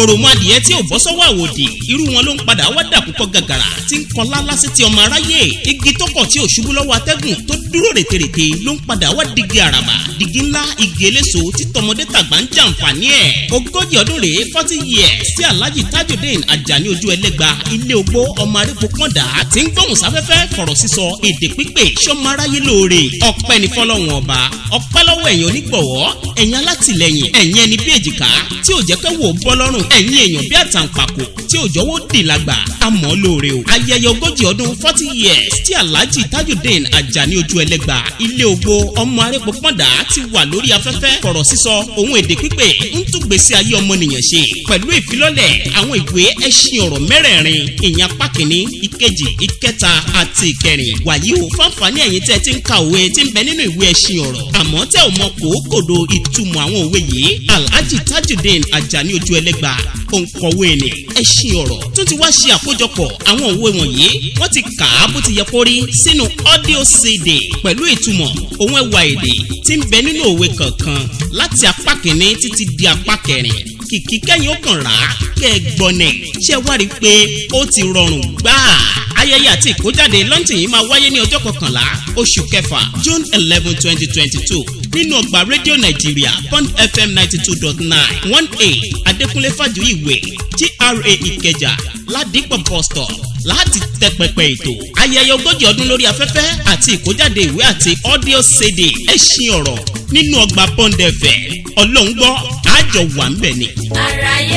òròmọ adìyẹ tí ò bọ́ sọ́wọ́ àwòdì irú wọn ló ń padà wá dàkúkọ gàgàrà tí ń kọ lálásí ti ọmọ aráyé igi tọkọ tí ò ṣubú lọ́wọ́ atẹ́gùn tó dúró rètèrètè ló ń padà wá digi àràbà digi ńlá igi eléso tí tọmọdé tàgbà ń jàǹfààní ẹ̀ ogójì ọdún rèé forty years sí alhaji tajudeen ajani ojú ẹlẹ́gba ilé ogbó ọmọ arípo pọ́ndà tí ń gbóhùn sáfẹ́fẹ́ fọ̀rọ̀ sísọ èdè pípé sọmọ aráyé lóore ọpẹ́ ní fọlọ́wọn ọba ọpẹ́ lọ́wọ́ ẹ̀yin onígbọ̀wọ́ ẹ̀yin ẹ̀yin èèyàn bí àtàǹpàkò tí òjò wò dì lágbà àmọ́ lóore o. ayẹyẹ ogójì ọdún forty years tí alhaji tajudeen ajani ojú ẹlẹ́gbà ilé ògbó ọmọ arẹ́pọ̀ pọ́ndà ti wà lórí afẹ́fẹ́ fọ̀rọ̀ sísọ ohun èdè pípé ń tún gbèsè ayé ọmọnìyàn ṣe pẹ̀lú ìfilọ́lẹ̀ àwọn ìwé ẹṣin ọ̀rọ̀ mẹ́rẹ̀ẹ̀rin ìyẹn apá kìíní ìkejì ìkẹta àti ìkẹrin wàyí o fáǹfààní ẹ̀yin tẹ́ ti ń ka òwe ti ń bẹ nínú ìwé ẹṣin ọ̀rọ̀ àmọ́ tẹ́ ò mọ kòókòdo ìtumọ̀ àwọn òwe yìí alhaji tajudeen ajani ojú ẹlẹ́gbà òǹkọ̀wé ni oríṣiríṣi ọ̀rọ̀ tó ti wá ṣe àkójọpọ̀ àwọn òwe wọ̀nyí wọ́n ti kà á bó ti yẹ kó rí sínú audio CD pẹ̀lú ìtumọ̀ ohun ẹwà èdè tí ń bẹ nínú òwe kọ̀ọ̀kan láti apá kìíní títí di apá kẹrin kìkì kẹ́yìn ó kàn rà á kẹ́ ẹ gbọ́nẹ̀ ṣé wá rí i pé ó ti rọrùn gbáà ayẹyẹ àti ìkójáde lọ́ńtìn yìí máa wáyé ní ọjọ́ kọkànlá oṣù kẹfà june eleven twenty twenty two nínú ọgbà rédíò nàìjíríà bond fm ninety two dot nine one eight adékúnlé fàjùyí GRA Ìkẹjà ládìpọ̀ bus stop láti tẹ pẹpẹ ètò ayẹyẹ ogójì ọdún lórí afẹ́fẹ́ àti ìkójáde ìwé àti audio CD ẹ̀sìn ọ̀rọ̀ nínú ọgbà Bond FM àjọ wà ń bẹ̀ ni. àràyè